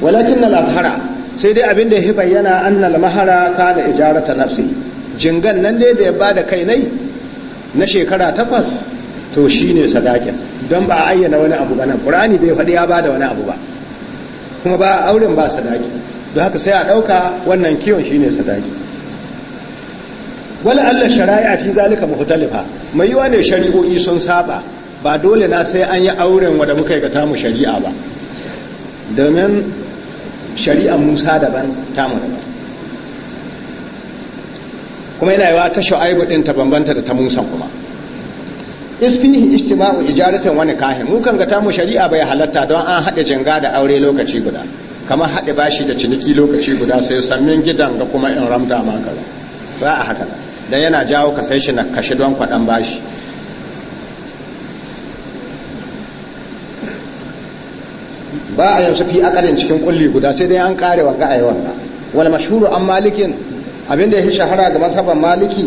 walakin na lafahara sai dai abin da ya bayyana annal kana ijarata nafsi jingan nan dai da ya ba da kai nai na shekara takwas to shi ne sadakin don ba a ayyana wani abu ba nan qur'ani bai faɗi ya da wani abu ba kuma ba auren ba sadaki don haka sai a ɗauka wannan kiwon ne sadaki wala Allah shari'a fi zalika mukhtalifa mai yiwa ne shari'o'i sun saba ba dole na sai an yi auren wadda muka yi ga tamu shari'a ba domin shari'ar musa daban tamu daban kuma yana yawa ta shu'aibu din ta bambanta da ta musan kuma isfihi ijtima'u ijaratan wani kahin mu kan ga tamu shari'a bai halatta don an haɗe janga da aure lokaci guda kamar haɗe bashi da ciniki lokaci guda sai sammin gidan ga kuma in ramta ma ba a haka don yana jawo ka sai shi na kashe don kwaɗan bashi ba a yanzu fi akalin cikin kulli guda sai dai an karewa ga ayi wannan wal mashhuru an malikin abinda ya fi shahara ga mazhaban maliki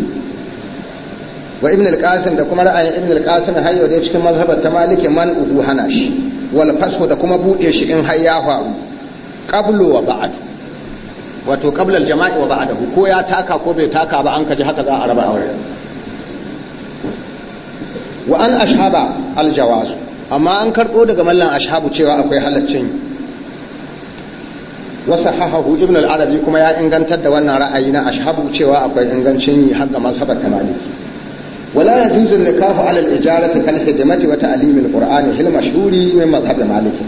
wa ibn al-qasim da kuma ra'ayin ibn al-qasim hayyo dai cikin mazhaban ta maliki man ubu hana shi wal fasu da kuma bude shi in har ya faru qablu wa ba'd wato qabla jamai wa ba'dahu ko ya taka ko bai taka ba an kaji haka za a raba aure wa an ashaba al jawazu amma an karɓo daga mallan ashabu cewa akwai halaccin wasu hahahu ibn al-arabi kuma ya ingantar da wannan ra'ayi na ashabu cewa akwai ingancin yi har ga mazhabar maliki wala yajuzu nikahu ala al-ijarati kal hidmati wa wata al-qur'ani hil mashhuri min mazhab maliki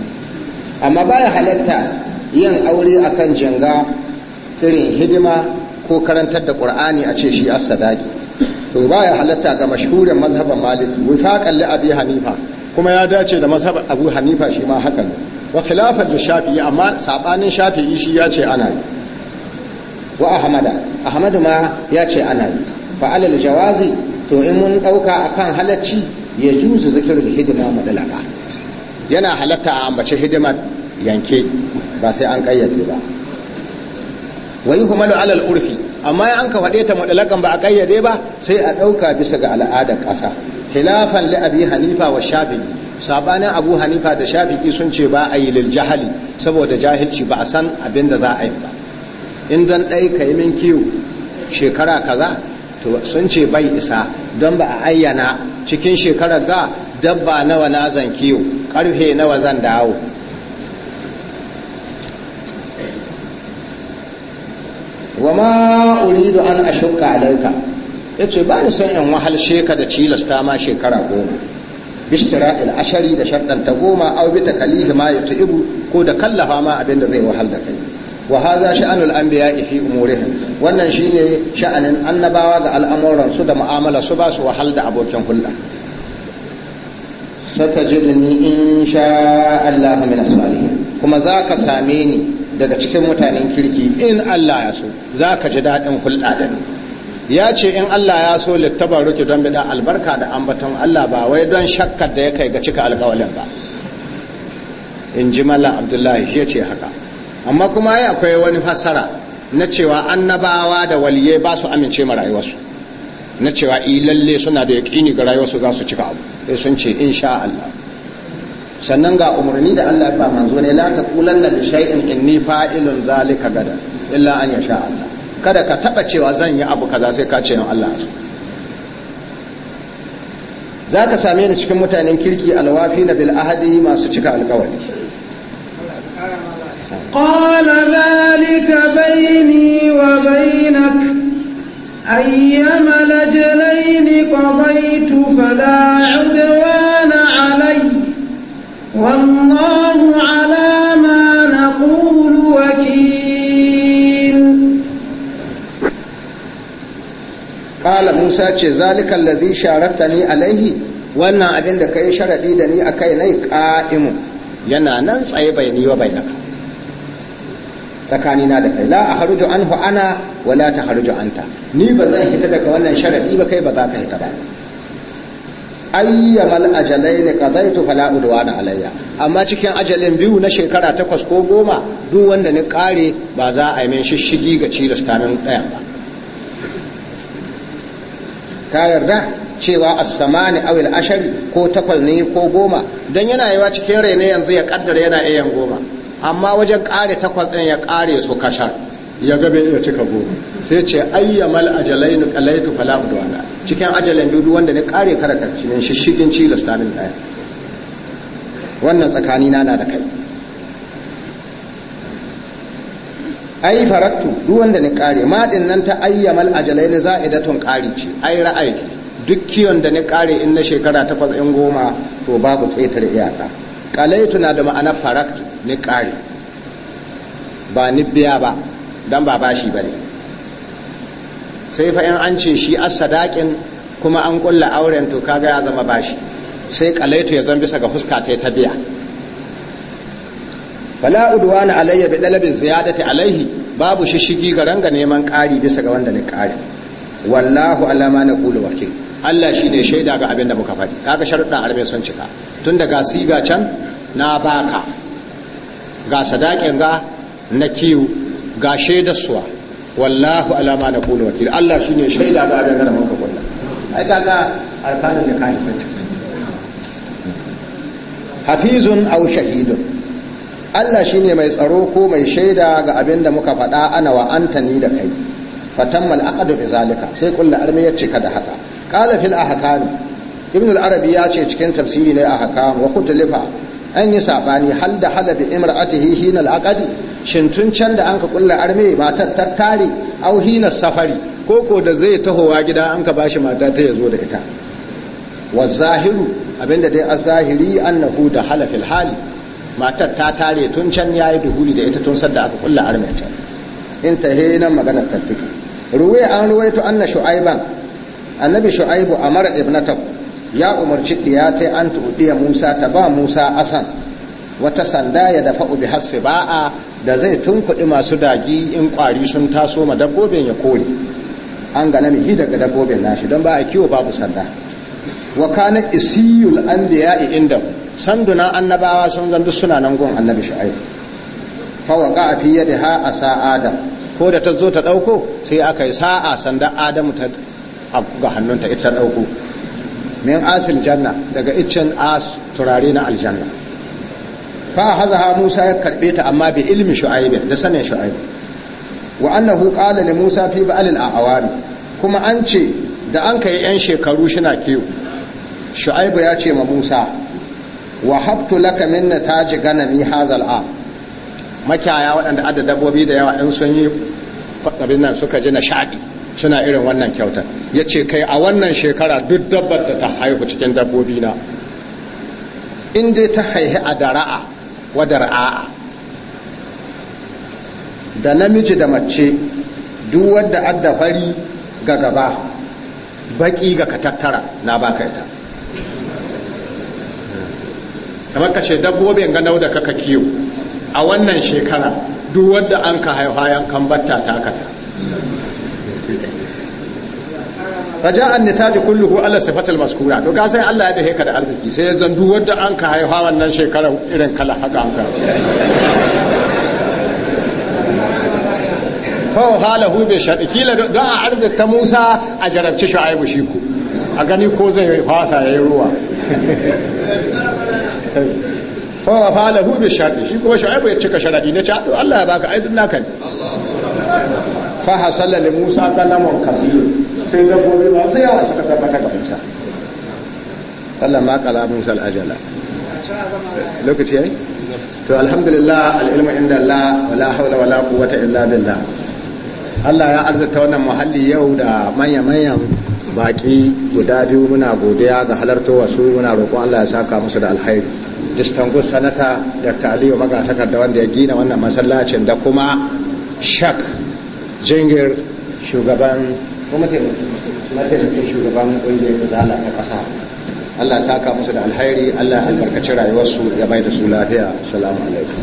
amma baya halatta yin aure akan janga tsirin hidima ko karantar da qur'ani a ce shi as-sadaqi to baya halatta ga mashhurin mazhaban maliki wifaqan li abi hanifa kuma ya dace da mazhabar abu hanifa shi ma haka ne wa khilafar da shafi'i amma sabanin shafi'i shi ya ce ana yi wa ahmada ahmadu ma ya ce ana yi fa alal jawazi to in mun dauka akan halacci ya juzu zikirul hidima mudalaka yana halatta a ambace hidimar yanke ba sai an kayyade ba wa yuhmalu alal urfi amma an ka faɗe ta mudalakan ba a kayyade ba sai a dauka bisa ga al'adar ƙasa hilafan li abi hanifa wa shafi'i sabanin abu hanifa da shafi'i sun ce ba a yi lil jahali saboda jahilci ba a san abin da za a yi ba in don dai ka min kiwo shekara kaza to sun ce bai isa don ba a ayyana cikin shekarar za dabba nawa na zan kiwo karfe nawa zan dawo wa ma uridu an ashukka alaika ya ce ba ni son in wahal sheka da cilasta ma shekara goma bistira ashari da sharɗanta goma au bi takalihi ma ya ibu ko da kallafa ma abinda zai wahal da kai wa hadha sha'anul anbiya fi umurihim wannan shine sha'anin annabawa ga al'amuran su da mu'amala su ba su wahal da abokin hulɗa satajidni in Allah min salihin kuma za ka same ni daga cikin mutanen kirki in Allah ya so za ka ji daɗin hulɗa da ni ya ce in Allah ya so littabar ruki don bida albarka da ambaton Allah ba wai don shakkar da ya kai ga cika alkawalin ba in ji Mala abdullahi shi ce haka amma kuma ya akwai wani fassara na cewa annabawa da waliye ba su amince ma rayuwarsu na cewa lalle suna da yaƙini ga rayuwarsu za su cika abu sai sun ce in sha Allah sannan ga umarni da Allah ba manzo ne la da li shay'in inni fa'ilun zalika gada illa an yasha Allah kada ka taba cewa zan yi abu kaza sai ka ce yin Allah za ka same ni cikin mutanen kirki alwafi na bil ahadi masu cika alkawari قال ذلك بيني وبينك أيما لجلين قضيت فلا عدوان علي والله عليم Musa ce zalikan lazi sharatta ni alaihi wannan abin da ka yi sharaɗi da ni a kai nai ka'imu yana nan tsaye bai ni wa bainaka da kai la akhruju an ana wala ta an ta ni ba zan hita daga wannan sharaɗi ba kai ba za ka hita ba ayyamal ajalai ne tufa fala na alayya amma cikin ajalin biyu na shekara takwas ko goma duk wanda ni kare ba za a yi min shishigi ga cilas min ɗayan ba ka yarda cewa asamani samani awil ashari ko takwal ne ko goma don yana yiwa cikin rai ne yanzu ya kaddara yana iya goma amma wajen kare takwas din ya kare su kashar ya ga bai iya cika goma sai ce ayyamal ajalainu qalaitu fala udwana cikin ajalan biyu wanda ne kare karakarci cinin shishigin cilas min daya wannan tsakanina na da kai ai faratu duk wanda ni kare ma din nan ta ayyamal ajalai ne za'idatun kari ce ai ra'ayi duk kiyon da ni kare in na shekara takwas in goma to babu tsetar iyaka kalaitu na da ma'ana faraktu ni kare ba ni biya ba dan ba bashi bane sai fa in an ce shi as-sadaqin kuma an kulla auren to kaga ya zama bashi sai kalaitu ya zan bisa ga fuska ta ta biya fala udwana alayya bi dalabin ziyadati alayhi babu shishigi ga ranga neman kari bisa ga wanda ni kari. wallahu alama na qulu wakil Allah shi ne shaida ga abin da muka faɗi kaga sharuɗan harbe sun cika tun daga siga can na baka ga sadakin ga na kiyu ga shaidar suwa wallahu alama na qulu wakil Allah shi ne shaida ga abin da muka faɗi ai kaga alƙalin da kai sun cika hafizun aw shahidun Allah shi ne mai tsaro ko mai shaida ga abin da muka faɗa ana wa anta ni da kai mal aqdu bi zalika sai kullu armi ya cika da haka qala fil ahkam ibn al arabi ya ce cikin tafsiri ne ahkam wa Lifa. an yi sabani hal da halabi bi imra'atihi hina al aqdi shin tun can da anka kullu armi matar tattare au hina safari Ko da zai tahowa gida an ka bashi mata ta yazo da ita wa zahiru abinda dai a zahiri annahu da halafil hali matar ta tare tun can ya yi duhuli da ita tun sadda aka kulla armenta in ta he nan ta tattuka ruwe an ruwaito anna shu'aiban annabi shu'aibu amara ibnatahu ya umarci diyata an tuɗiya musa ta ba musa asan wata sanda ya dafa ubi ba ba'a da zai tun kuɗi masu dagi in ƙwari sun taso ma dabbobin ya kore an gana mihi daga dabbobin nashi don ba a kiwo babu sanda wa kana isiyul anbiya'i indahu sanduna annabawa sun zan duk suna nan gun annabi shu'aib fa a fiye da ha a sa adam ko da ta zo ta ɗauko sai aka yi sa'a sanda adamu ta ga hannunta ita ɗauko min asil janna daga iccen as turare na aljanna fa hazaha musa ya karɓe ta amma bi ilmi shu'aib da sanin shu'aib wa annahu qala li musa fi ba'al al-awami kuma an ce da an kai yan shekaru shina kiyo shu'aib ya ce ma musa wa habtu laka taji gana ganami hazal a makiyaya waɗanda adda dabbobi da yawa in sun yi fadabin nan suka ji na shaɗi suna irin wannan kyautar ya ce kai a wannan shekara duk dabbar da ta haihu cikin dabbobi na in dai ta haihu a dara'a wa dara'a da namiji da mace duk wadda adda fari ga gaba baki ga katattara na baka ita kamar ka ce dabbobin ganau da kaka kiyo a wannan shekara duk wadda an ka haifa yankan batta ta kada raja an nita da kulluhu ala sifatul maskura to ka sai Allah ya dahe ka da arziki sai zan duk wadda an ka haifa wannan shekara irin kala haka an ka fawon halahu bi shaɗi kila don a arzik ta Musa a jarabci Shu'aibu shi ku a gani ko zai fasa yi ruwa fa wa fa'ala hu bi sharadi shi kuma shu'aibu ya cika sharadi na ce Allah ya baka ai dun naka ne fa hasala li Musa kalamun kasir sai gobe ba sai ya suka tabbata ga Musa Allah ma kala Musa al lokaci yayi to alhamdulillah al-ilmu inda Allah wala hawla wala quwwata illa billah Allah ya arzata wannan muhalli yau da manya-manyan baki guda biyu muna godiya ga halartowa su muna roƙon Allah ya saka musu da alkhairi distinguished sanata da aliyu magatakar da wanda ya gina wannan masallacin da kuma shak jingir shugaban kuma mataimakin shugaban ƙungiyar zala ta ƙasa allah saka musu da alhairi allah albarkaci rayuwarsu ya mai da su lafiya salamu alaikum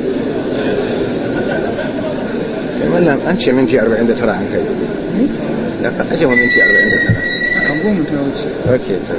wannan an ce minti 49 an kai da ka aje minti 49 kan goma ta wuce okay to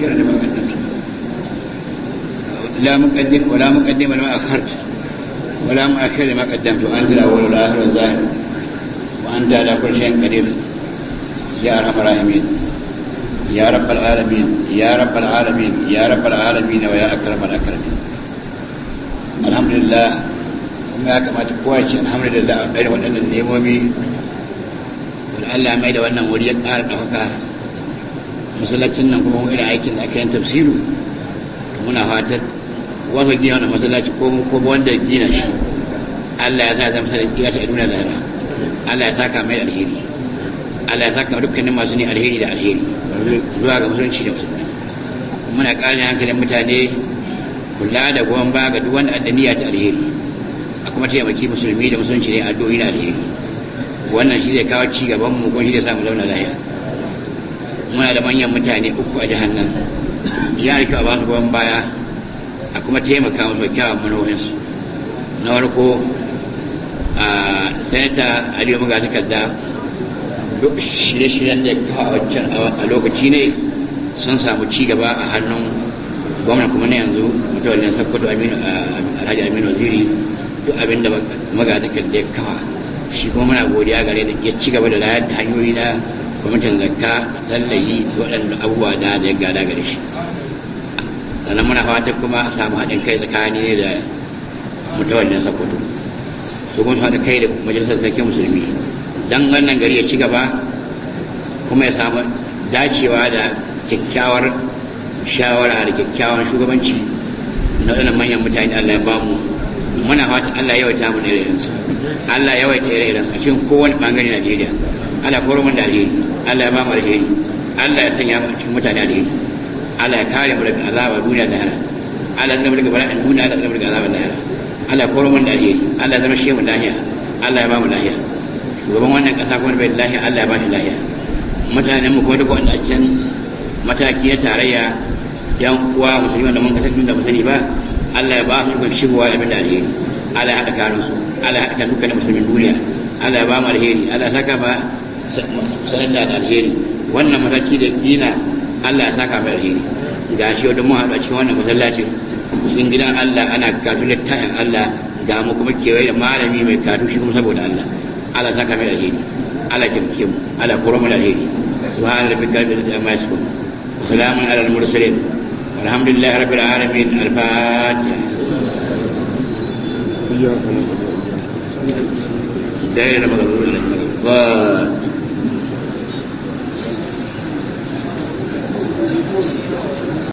مؤشرا لما قدمت لا مقدم ولا مقدم لما أخرت ولا مؤخر لما قدمت وأنت الأول والآخر والظاهر وأنت على كل شيء قدير يا أرحم الراحمين يا رب العالمين يا رب العالمين يا رب العالمين ويا أكرم الأكرمين الحمد لله kuma ya kamata kowa ce alhamdulillah a ɗaya waɗannan nemomi wani Allah mai da wannan wuri ya ƙara ɗaukaka masallacin nan kuma irin aikin da aka yin tafsiru muna fatar wata gina wani masallaci ko ko wanda gina shi Allah ya sa zama sai ya ta duniya lahira Allah ya saka mai alheri Allah ya saka dukkanin masu ne alheri da alheri zuwa ga musulunci da musulunci muna ƙarin hankalin mutane kula da goyon ba ga duk wanda ya ta alheri a kuma taimaki musulmi da musulunci ne addu'o'i na alheri wannan shi zai kawo ci gaban mu kuma shi zai samu launa lahiya muna da manyan mutane uku a jihar nan ya rika ba su goyon baya a kuma taimaka musu kyawun manohinsu na warko a senata aliyu muga kadda duk shirye-shiryen da kawo a lokaci ne sun samu ci gaba a hannun gwamna kuma na yanzu mutawallin sakkwato alhaji aminu ziri duk abin da muga takarda ya kawa shi kuma muna godiya gare da ya ci gaba da layar da hanyoyi na kuma zakka tallayi waɗanda abubuwa da ya gada gare shi sannan muna fatan kuma a samu haɗin kai tsakani ne da mutawallin sakwato su kuma su haɗa kai da majalisar sarki musulmi don wannan gari ya ci gaba kuma ya samu dacewa da kyakkyawar shawara da kyakkyawan shugabanci na waɗannan manyan mutane Allah ya bamu muna fatan Allah ya yawaita mu da irin su Allah ya yawaita irin su a cikin kowane na nigeria Allah koro da alheri Allah ya ba mu alheri Allah ya sanya mu cikin mutane alheri Allah ya kare mu daga duniya da Allah ya daga bala'in duniya daga Allah ya da alheri Allah ya zama shehu lahiya Allah ya ba mu lahiya shugaban wannan kuma bai lahiya Allah ya ba shi lahiya mutanen mu kuma wanda a can mataki na tarayya yan uwa da mun da ba Allah ya ba su shigowa da da alheri Allah ya haɗa Allah ya haɗa dukkanin musulmin duniya Allah ya ba mu alheri Allah ya saka ba sanata da alheri wannan mataki da dina Allah ya taka mai alheri ga shi wata mu haɗu cikin wannan masallacin cikin gidan Allah ana katu littafin Allah ga mu kuma kewaye da malami mai gatu shi kuma saboda Allah Allah mai alheri Allah taimake mu Allah koro mu alheri subhana rabbika rabbil izzati amma yasifun wa salamun ala al mursalin